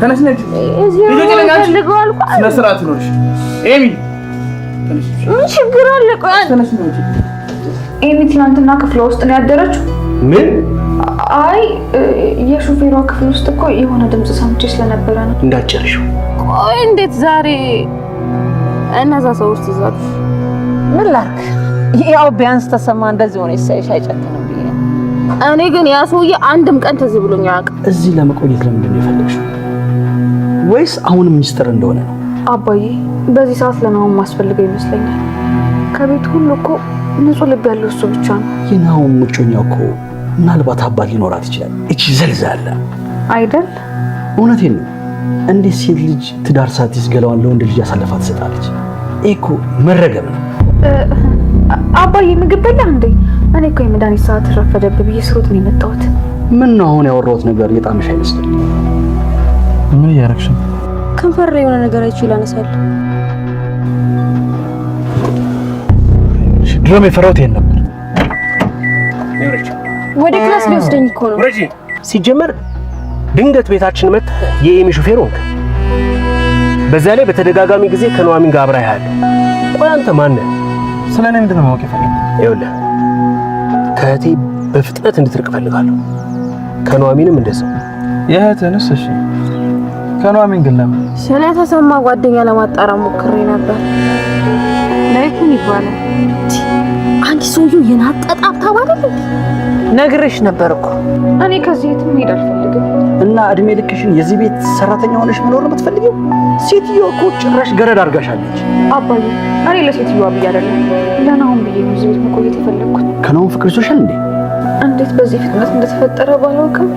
ተነሽ ነጭ ኤሚ ትናንትና ክፍሏ ውስጥ ነው ያደረችው። ምን? አይ የሹፌሯ ክፍል ውስጥ እኮ የሆነ ድምፅ ሰምቼ ስለነበረ ነው። እንዳጨርሽው። ቆይ እንዴት ዛሬ እነዛ ሰዎች ትዛት ምን ያው ቢያንስ ተሰማ እንደዚህ ሆነ ይሳይሽ አይጨክንም እኔ ግን ያ ሰውዬ አንድም ቀን ትዝ አያውቅም። እዚህ ለመቆየት ለምንድን ነው የፈለግሽው? ወይስ አሁንም ሚስጥር እንደሆነ ነው? አባዬ በዚህ ሰዓት ለናሁም ማስፈልገው ይመስለኛል። ከቤት ሁሉ እኮ ንጹህ ልብ ያለው እሱ ብቻ ነው። የናሁም ምጮኛ እኮ ምናልባት አባት ሊኖራት ይችላል። እቺ ዘልዛላ አይደል? እውነቴን ነው። እንዴት ሴት ልጅ ትዳር ሳትይዝ ገላዋን ለወንድ ልጅ አሳልፋ ትሰጣለች? ይሄ እኮ መረገም ነው። አባዬ ምግብ በላ እንዴ? እኔ እኮ የመድኃኒት ሰዓት ረፈደብ ብዬ ስሮጥ ነው የመጣሁት። ምን ነው አሁን ያወራሁት ነገር የጣምሽ አይመስልም? ምን እያደረግሽ ነው? ከንፈር የሆነ ነገር አይቼ ላነሳል። ድሮም የፈራሁት ይሄን ነበር። ወደ ክላስ ሊወስደኝ እኮ ነው። ሲጀመር ድንገት ቤታችን መጥ የኤሚ ሹፌር ሆንክ። በዛ ላይ በተደጋጋሚ ጊዜ ከኑሐሚን ጋር አብራ ያለ። ቆይ አንተ ማነህ? ስለ እኔ ምንድን ነው ማወቅ የፈለግ? ይኸውልህ ከእህቴ በፍጥነት እንድትርቅ እፈልጋለሁ። ከኑሐሚንም እንደዚያው የእህትህንስ? እሺ ከኑሐሚን ግን ለምን? ተሰማ ጓደኛ ለማጣራ ሞክሬ ነበር። ላይኩን ይባላል። አንቺ ሰውዬው የናጠጣ ሀብታም አይደል? ነግሬሽ ነበር እኮ እኔ ከዚህ የትም መሄድ አልፈልግም። እና እድሜ ልክሽን የዚህ ቤት ሰራተኛ ሆነሽ መኖር ነው የምትፈልጊው? ሴትዮዋ እኮ ጭራሽ ገረድ አድርጋሻለች። አባዬ እኔ ለሴትዮዋ ብዬ አይደለም ለናሁን ብዬ ነው እዚህ ቤት መቆየት የፈለግኩት። ከናሁን ፍቅር ይዞሻል እንዴ? እንዴት በዚህ ፍጥነት እንደተፈጠረ ባላውቅም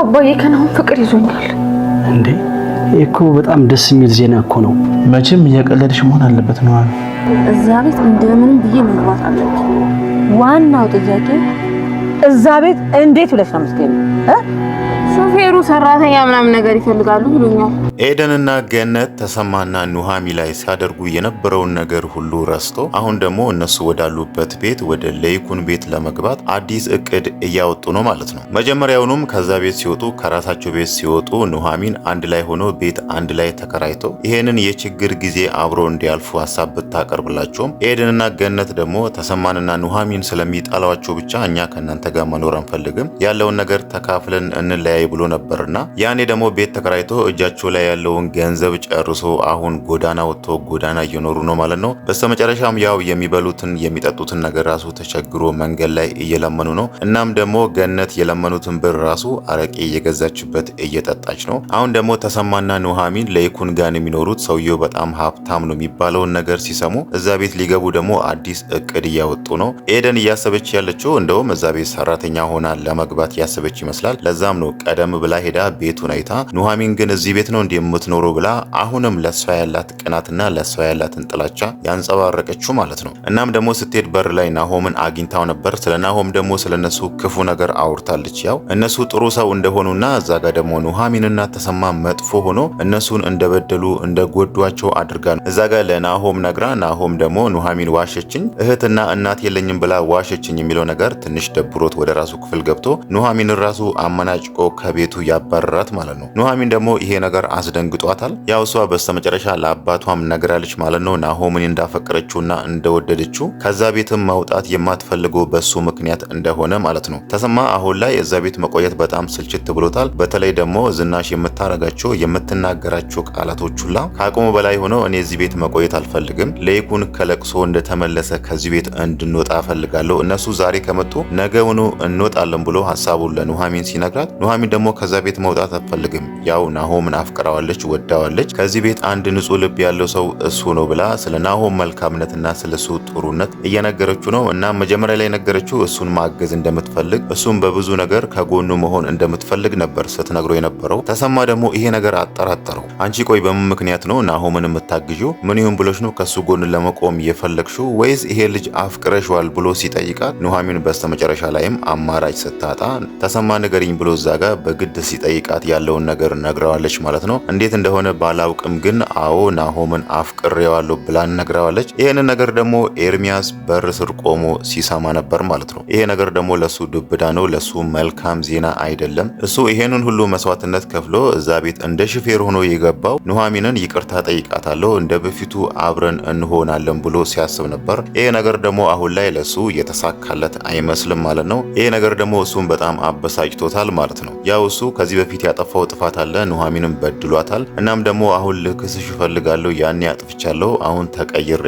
አባዬ ከናሁን ፍቅር ይዞኛል። እንዴ እኮ በጣም ደስ የሚል ዜና እኮ ነው። መቼም እያቀለድሽ መሆን አለበት ነው እዛ ቤት እንደምንም ብዬ መግባት አለች። ዋናው ጥያቄ እዛ ቤት እንዴት ብለሽ ነው የምትገቢው? ሶፊ ጥሩ ሰራተኛ ምናምን ነገር ይፈልጋሉ ብሎኛል። ኤደንና ገነት ተሰማና ኑሃሚ ላይ ሲያደርጉ የነበረውን ነገር ሁሉ ረስቶ አሁን ደግሞ እነሱ ወዳሉበት ቤት ወደ ለይኩን ቤት ለመግባት አዲስ እቅድ እያወጡ ነው ማለት ነው። መጀመሪያውኑም ከዛ ቤት ሲወጡ ከራሳቸው ቤት ሲወጡ ኑሃሚን አንድ ላይ ሆኖ ቤት አንድ ላይ ተከራይቶ ይሄንን የችግር ጊዜ አብሮ እንዲያልፉ ሀሳብ ብታቀርብላቸውም ኤደንና ገነት ደግሞ ተሰማንና ኑሃሚን ስለሚጠላዋቸው ብቻ እኛ ከእናንተ ጋር መኖር አንፈልግም ያለውን ነገር ተካፍለን እንለያይ ብሎ ነበር ነበርና ያኔ ደግሞ ቤት ተከራይቶ እጃቸው ላይ ያለውን ገንዘብ ጨርሶ አሁን ጎዳና ወጥቶ ጎዳና እየኖሩ ነው ማለት ነው። በስተመጨረሻም ያው የሚበሉትን የሚጠጡትን ነገር ራሱ ተቸግሮ መንገድ ላይ እየለመኑ ነው። እናም ደግሞ ገነት የለመኑትን ብር ራሱ አረቄ እየገዛችበት እየጠጣች ነው። አሁን ደግሞ ተሰማና ኑሐሚን ለይኩን ጋን የሚኖሩት ሰውየው በጣም ሀብታም ነው የሚባለውን ነገር ሲሰሙ እዛ ቤት ሊገቡ ደግሞ አዲስ እቅድ እያወጡ ነው። ኤደን እያሰበች ያለችው እንደውም እዛ ቤት ሰራተኛ ሆና ለመግባት ያሰበች ይመስላል። ለዛም ነው ቀደም ብላ ሄዳ ቤቱን አይታ ኑሐሚን ግን እዚህ ቤት ነው እንዲህ የምትኖረው ብላ አሁንም ለሷ ያላት ቅናትና ለሷ ያላትን ጥላቻ ያንጸባረቀችው ማለት ነው። እናም ደግሞ ስትሄድ በር ላይ ናሆምን አግኝታው ነበር። ስለ ናሆም ደግሞ ስለነሱ ክፉ ነገር አውርታለች። ያው እነሱ ጥሩ ሰው እንደሆኑና እዛ ጋ ደግሞ ኑሐሚንና ተሰማ መጥፎ ሆኖ እነሱን እንደበደሉ እንደጎዷቸው አድርጋ ነው እዛ ጋ ለናሆም ነግራ፣ ናሆም ደግሞ ኑሐሚን ዋሸችኝ፣ እህትና እናት የለኝም ብላ ዋሸችኝ የሚለው ነገር ትንሽ ደብሮት ወደ ራሱ ክፍል ገብቶ ኑሐሚንን ራሱ አመናጭቆ ከቤቱ ቤቱ ያባረራት ማለት ነው። ኑሐሚን ደግሞ ይሄ ነገር አስደንግጧታል። ያው እሷ በስተመጨረሻ ለአባቷም ነግራለች ማለት ነው ናሆምን እንዳፈቀረችውና እንደወደደችው ከዛ ቤትም መውጣት የማትፈልገው በሱ ምክንያት እንደሆነ ማለት ነው። ተሰማ አሁን ላይ እዛ ቤት መቆየት በጣም ስልችት ብሎታል። በተለይ ደግሞ ዝናሽ የምታረጋቸው የምትናገራቸው ቃላቶች ሁላ ከአቅሙ በላይ ሆኖ እኔ እዚህ ቤት መቆየት አልፈልግም፣ ለይኩን ከለቅሶ እንደተመለሰ ከዚህ ቤት እንድንወጣ እፈልጋለሁ፣ እነሱ ዛሬ ከመጡ ነገውኑ እንወጣለን ብሎ ሀሳቡን ለኑሐሚን ሲነግራት ኑሐሚን ደግሞ ከዛ ቤት መውጣት አትፈልግም። ያው ናሆምን አፍቅራዋለች፣ ወዳዋለች። ከዚህ ቤት አንድ ንጹህ ልብ ያለው ሰው እሱ ነው ብላ ስለ ናሆም መልካምነትና ስለ እሱ ጥሩነት እየነገረችው ነው። እና መጀመሪያ ላይ ነገረችው እሱን ማገዝ እንደምትፈልግ፣ እሱም በብዙ ነገር ከጎኑ መሆን እንደምትፈልግ ነበር ስትነግሮ የነበረው። ተሰማ ደግሞ ይሄ ነገር አጠራጠረው። አንቺ ቆይ በምን ምክንያት ነው ናሆምን የምታግዥው ምን ይሁን ብሎች ነው ከሱ ጎን ለመቆም የፈለግሽው? ወይስ ይሄ ልጅ አፍቅረሽዋል ብሎ ሲጠይቃት ኑሐሚን በስተመጨረሻ ላይም አማራጭ ስታጣ ተሰማ ንገሪኝ ብሎ እዛ ጋር በግድ ቅድስት ሲጠይቃት ያለውን ነገር ነግረዋለች ማለት ነው። እንዴት እንደሆነ ባላውቅም ግን አዎ ናሆምን አፍቅሬዋለሁ ብላን ነግረዋለች። ይህንን ነገር ደግሞ ኤርሚያስ በር ስር ቆሞ ሲሰማ ነበር ማለት ነው። ይሄ ነገር ደግሞ ለሱ ዱብዳ ነው፣ ለሱ መልካም ዜና አይደለም። እሱ ይሄንን ሁሉ መስዋዕትነት ከፍሎ እዛ ቤት እንደ ሹፌር ሆኖ የገባው ኑሐሚንን ይቅርታ ጠይቃታለሁ፣ እንደ በፊቱ አብረን እንሆናለን ብሎ ሲያስብ ነበር። ይሄ ነገር ደግሞ አሁን ላይ ለሱ የተሳካለት አይመስልም ማለት ነው። ይሄ ነገር ደግሞ እሱን በጣም አበሳጭቶታል ማለት ነው። ያው እሱ ከዚህ በፊት ያጠፋው ጥፋት አለ፣ ኑሐሚንም በድሏታል። እናም ደግሞ አሁን ልክስሽ እፈልጋለሁ፣ ያኔ አጥፍቻለሁ፣ አሁን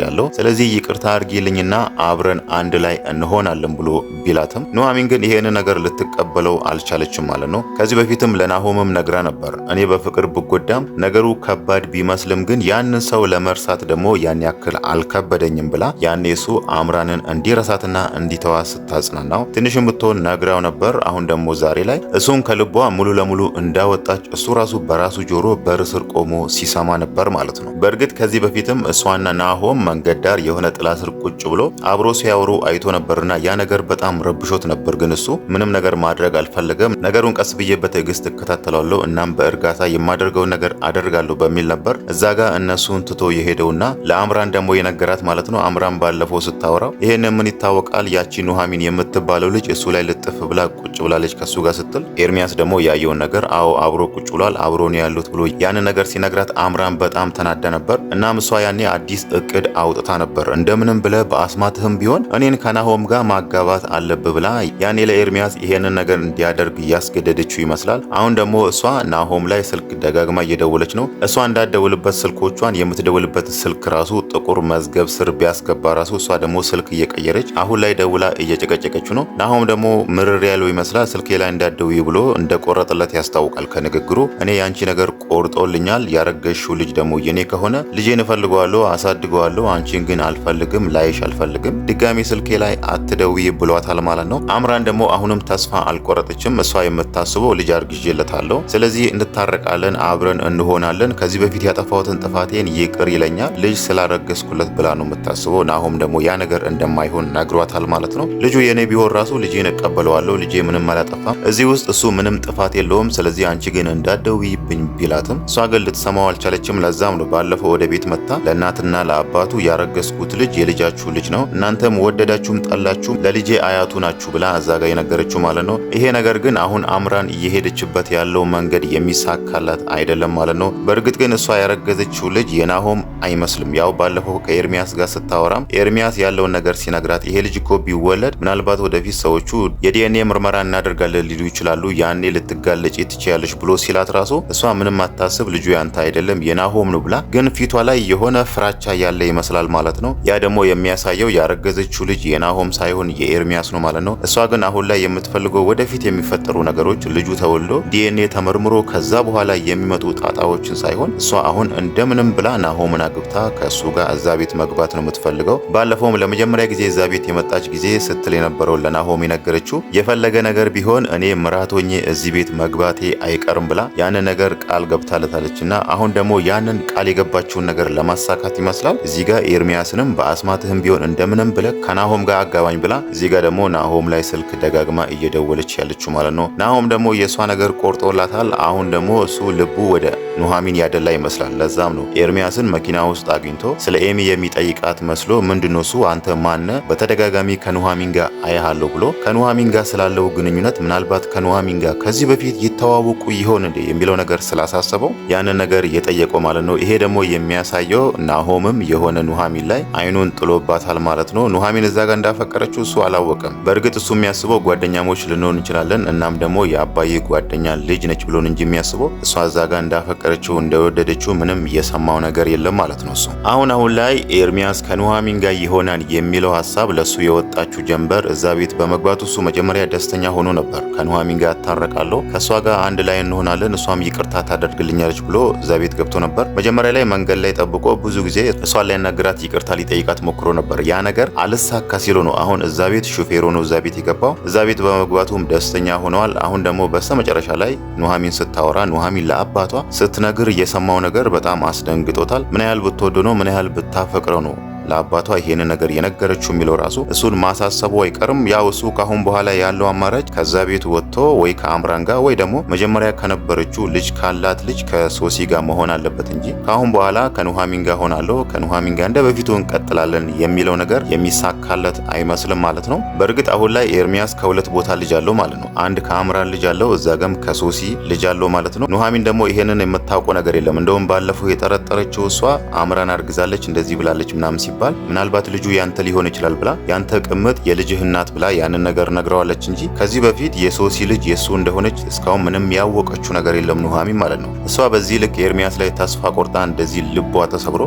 ያለው ስለዚህ ይቅርታ አድርጊልኝና አብረን አንድ ላይ እንሆናለን ብሎ ቢላትም ኑሐሚን ግን ይሄን ነገር ልትቀበለው አልቻለችም ማለት ነው። ከዚህ በፊትም ለናሆምም ነግራ ነበር፣ እኔ በፍቅር ብጎዳም ነገሩ ከባድ ቢመስልም ግን ያንን ሰው ለመርሳት ደግሞ ያን ያክል አልከበደኝም ብላ ያኔ እሱ አምራንን እንዲረሳትና እንዲተዋ ስታጽናናው ትንሽም ብትሆን ነግራው ነበር። አሁን ደግሞ ዛሬ ላይ እሱን ከልቧ ሙሉ ሙሉ ለሙሉ እንዳወጣች እሱ ራሱ በራሱ ጆሮ በር ስር ቆሞ ሲሰማ ነበር ማለት ነው። በእርግጥ ከዚህ በፊትም እሷና ናሆም መንገድ ዳር የሆነ ጥላ ስር ቁጭ ብሎ አብሮ ሲያወሩ አይቶ ነበርና ያ ነገር በጣም ረብሾት ነበር። ግን እሱ ምንም ነገር ማድረግ አልፈለገም። ነገሩን ቀስ ብዬ በትዕግስት እከታተላለሁ፣ እናም በእርጋታ የማደርገውን ነገር አደርጋለሁ በሚል ነበር እዛ ጋር እነሱን ትቶ የሄደውና ለአምራን ደግሞ የነገራት ማለት ነው። አምራን ባለፈው ስታወራው ይህን ምን ይታወቃል ያቺ ኑሐሚን የምትባለው ልጅ እሱ ላይ ልጥፍ ብላ ቁጭ ብላለች ከሱ ጋር ስትል ኤርሚያስ ደግሞ ያ ያየውን ነገር አዎ አብሮ ቁጭ ብሏል አብሮ ነው ያሉት ብሎ ያንን ነገር ሲነግራት አምራን በጣም ተናዳ ነበር። እናም እሷ ያኔ አዲስ እቅድ አውጥታ ነበር። እንደምንም ብለ በአስማትህም ቢሆን እኔን ከናሆም ጋር ማጋባት አለብ ብላ ያኔ ለኤርሚያስ ይሄንን ነገር እንዲያደርግ እያስገደደችው ይመስላል። አሁን ደግሞ እሷ ናሆም ላይ ስልክ ደጋግማ እየደወለች ነው። እሷ እንዳደውልበት ስልኮቿን የምትደውልበት ስልክ ራሱ ጥቁር መዝገብ ስር ቢያስገባ ራሱ እሷ ደግሞ ስልክ እየቀየረች አሁን ላይ ደውላ እየጨቀጨቀችው ነው። ናሆም ደግሞ ምርር ያለው ይመስላል ስልኬ ላይ እንዳትደውይ ብሎ እንደቆረ እንደሚቆርጥለት ያስታውቃል ከንግግሩ። እኔ የአንቺ ነገር ቆርጦልኛል፣ ያረገሽው ልጅ ደግሞ የኔ ከሆነ ልጄን እፈልገዋለሁ፣ አሳድገዋለሁ፣ አንቺን ግን አልፈልግም፣ ላይሽ አልፈልግም፣ ድጋሚ ስልኬ ላይ አትደውይ ብሏታል ማለት ነው። አምራን ደግሞ አሁንም ተስፋ አልቆረጠችም። እሷ የምታስበው ልጅ አርግዤለታለሁ፣ ስለዚህ እንታረቃለን፣ አብረን እንሆናለን፣ ከዚህ በፊት ያጠፋሁትን ጥፋቴን ይቅር ይለኛል፣ ልጅ ስላረገዝኩለት ብላ ነው የምታስበው። ናሆም ደግሞ ያ ነገር እንደማይሆን ነግሯታል ማለት ነው። ልጁ የእኔ ቢሆን ራሱ ልጄን እቀበለዋለሁ፣ ልጄ ምንም አላጠፋም፣ እዚህ ውስጥ እሱ ምንም ጥፋት ጥፋት የለውም፣ ስለዚህ አንቺ ግን እንዳትደውይብኝ ቢላትም እሷ ግን ልትሰማው አልቻለችም። ለዛም ነው ባለፈው ወደ ቤት መጥታ ለእናትና ለአባቱ ያረገዝኩት ልጅ የልጃችሁ ልጅ ነው፣ እናንተም ወደዳችሁም ጠላችሁም ለልጄ አያቱ ናችሁ ብላ እዛ ጋር የነገረችው ማለት ነው። ይሄ ነገር ግን አሁን አምራን እየሄደችበት ያለው መንገድ የሚሳካላት አይደለም ማለት ነው። በእርግጥ ግን እሷ ያረገዘችው ልጅ የናሆም አይመስልም። ያው ባለፈው ከኤርሚያስ ጋር ስታወራም ኤርሚያስ ያለውን ነገር ሲነግራት ይሄ ልጅ እኮ ቢወለድ ምናልባት ወደፊት ሰዎቹ የዲኤንኤ ምርመራ እናደርጋለን ሊሉ ይችላሉ ያኔ ልት ልትጋለጭ ትችያለሽ ብሎ ሲላት ራሱ እሷ ምንም አታስብ ልጁ ያንተ አይደለም የናሆም ነው ብላ ግን ፊቷ ላይ የሆነ ፍራቻ ያለ ይመስላል ማለት ነው። ያ ደግሞ የሚያሳየው ያረገዘችው ልጅ የናሆም ሳይሆን የኤርሚያስ ነው ማለት ነው። እሷ ግን አሁን ላይ የምትፈልገው ወደፊት የሚፈጠሩ ነገሮች ልጁ ተወልዶ ዲኤንኤ ተመርምሮ ከዛ በኋላ የሚመጡ ጣጣዎችን ሳይሆን እሷ አሁን እንደምንም ብላ ናሆምን አግብታ ከእሱ ጋር እዛ ቤት መግባት ነው የምትፈልገው። ባለፈውም ለመጀመሪያ ጊዜ እዛ ቤት የመጣች ጊዜ ስትል የነበረው ለናሆም የነገረችው የፈለገ ነገር ቢሆን እኔ ምራቶኜ እዚህ ቤት ቤት መግባቴ አይቀርም ብላ ያንን ነገር ቃል ገብታለታለች እና አሁን ደግሞ ያንን ቃል የገባችውን ነገር ለማሳካት ይመስላል እዚህ ጋር ኤርሚያስንም በአስማትህም ቢሆን እንደምንም ብለ ከናሆም ጋር አጋባኝ ብላ እዚህ ጋር ደግሞ ናሆም ላይ ስልክ ደጋግማ እየደወለች ያለችው ማለት ነው። ናሆም ደግሞ የእሷ ነገር ቆርጦላታል። አሁን ደግሞ እሱ ልቡ ወደ ኑሐሚን ያደላ ይመስላል። ለዛም ነው ኤርሚያስን መኪና ውስጥ አግኝቶ ስለ ኤሚ የሚጠይቃት መስሎ ምንድነው እሱ አንተ ማነ በተደጋጋሚ ከኑሐሚን ጋር አያሃለሁ ብሎ ከኑሐሚን ጋር ስላለው ግንኙነት ምናልባት ከኑሐሚን ጋር ከዚህ በፊት ይተዋወቁ ይሆን እንዴ የሚለው ነገር ስላሳሰበው ያንን ነገር እየጠየቀው ማለት ነው። ይሄ ደግሞ የሚያሳየው ናሆምም የሆነ ኑሐሚን ላይ አይኑን ጥሎባታል ማለት ነው። ኑሐሚን እዛ ጋር እንዳፈቀረችው እሱ አላወቀም። በእርግጥ እሱ የሚያስበው ጓደኛሞች ልንሆን እንችላለን፣ እናም ደግሞ የአባዬ ጓደኛ ልጅ ነች ብሎን እንጂ የሚያስበው እሷ እዛ ጋር እንዳፈቀረችው እንደወደደችው ምንም እየሰማው ነገር የለም ማለት ነው። እሱ አሁን አሁን ላይ ኤርሚያስ ከኑሐሚን ጋር ይሆናል የሚለው ሀሳብ ለእሱ የወጣችው ጀንበር እዛ ቤት በመግባቱ እሱ መጀመሪያ ደስተኛ ሆኖ ነበር። ከኑሐሚን ጋር ታረቃለሁ ከእሷ ጋር አንድ ላይ እንሆናለን፣ እሷም ይቅርታ ታደርግልኛለች ብሎ እዛ ቤት ገብቶ ነበር። መጀመሪያ ላይ መንገድ ላይ ጠብቆ ብዙ ጊዜ እሷን ሊያናግራት ይቅርታ ሊጠይቃት ሞክሮ ነበር። ያ ነገር አልሳካ ሲሎ ነው አሁን እዛ ቤት ሹፌር ሆኖ እዛ ቤት የገባው። እዛ ቤት በመግባቱም ደስተኛ ሆነዋል። አሁን ደግሞ በስተ መጨረሻ ላይ ኑሐሚን ስታወራ ኑሐሚን ለአባቷ ስትነግር የሰማው ነገር በጣም አስደንግጦታል። ምን ያህል ብትወዱ ነው ምን ያህል ብታፈቅረው ነው ለአባቷ ይሄን ነገር የነገረችው የሚለው ራሱ እሱን ማሳሰቡ አይቀርም። ያው እሱ ካሁን በኋላ ያለው አማራጭ ከዛ ቤት ወጥቶ ወይ ከአምራን ጋር ወይ ደግሞ መጀመሪያ ከነበረችው ልጅ ካላት ልጅ ከሶሲ ጋር መሆን አለበት እንጂ ካሁን በኋላ ከኑሐሚን ጋር ሆናለሁ ከኑሐሚን ጋር እንደ በፊቱ እንቀጥላለን የሚለው ነገር የሚሳካለት አይመስልም ማለት ነው። በእርግጥ አሁን ላይ ኤርሚያስ ከሁለት ቦታ ልጅ አለው ማለት ነው። አንድ ከአምራን ልጅ አለው፣ እዛ ጋም ከሶሲ ልጅ አለው ማለት ነው። ኑሐሚን ደግሞ ይሄንን የምታውቀው ነገር የለም። እንደውም ባለፈው የጠረጠረችው እሷ አምራን አርግዛለች እንደዚህ ብላለች ምናምን ሲባል ምናልባት ልጁ ያንተ ሊሆን ይችላል ብላ ያንተ ቅምጥ የልጅህ እናት ብላ ያንን ነገር ነግረዋለች እንጂ ከዚህ በፊት የሶሲ ልጅ የእሱ እንደሆነች እስካሁን ምንም ያወቀችው ነገር የለም ኑሐሚን ማለት ነው። እሷ በዚህ ልክ ኤርሚያስ ላይ ተስፋ ቆርጣ እንደዚህ ልቧ ተሰብሮ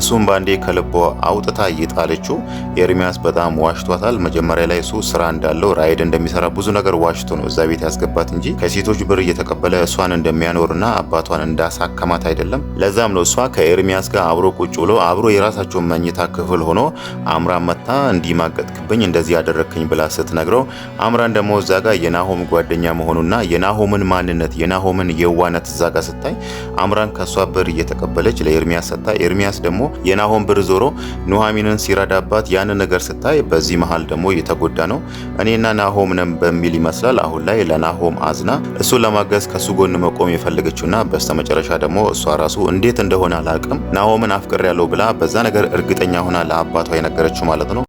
እሱም ባንዴ ከልቧ አውጥታ እየጣለችው ኤርሚያስ በጣም ዋሽቷታል። መጀመሪያ ላይ እሱ ስራ እንዳለው ራይድ እንደሚሰራ ብዙ ነገር ዋሽቶ ነው እዛ ቤት ያስገባት እንጂ ከሴቶች ብር እየተቀበለ እሷን እንደሚያኖርና አባቷን እንዳሳከማት አይደለም። ለዛም ነው እሷ ከኤርሚያስ ጋር አብሮ ቁጭ ብሎ አብሮ የራሳቸውን መኝታ ክፍል ሆኖ አምራን መታ እንዲህ ማገጥክብኝ እንደዚህ ያደረክኝ ብላ ስትነግረው አምራን ደግሞ እዛ ጋር የናሆም ጓደኛ መሆኑና የናሆምን ማንነት የናሆምን የዋነት እዛ ጋር ስታይ አምራን ከሷ ብር እየተቀበለች ለኤርሚያስ ሰታ ኤርሚያስ ደግሞ የናሆም ብር ዞሮ ኑሐሚንን ሲረዳባት ያንን ነገር ስታይ በዚህ መሀል ደግሞ እየተጎዳ ነው እኔና ናሆም ነን በሚል ይመስላል አሁን ላይ ለናሆም አዝና እሱን ለማገዝ ከሱ ጎን መቆም የፈለገችውና በስተመጨረሻ ደግሞ እሷ ራሱ እንዴት እንደሆነ አላቅም ናሆምን አፍቅር ያለው ብላ በዛ ነገር እርግጠኛ ሆና ለአባቷ የነገረችው ማለት ነው።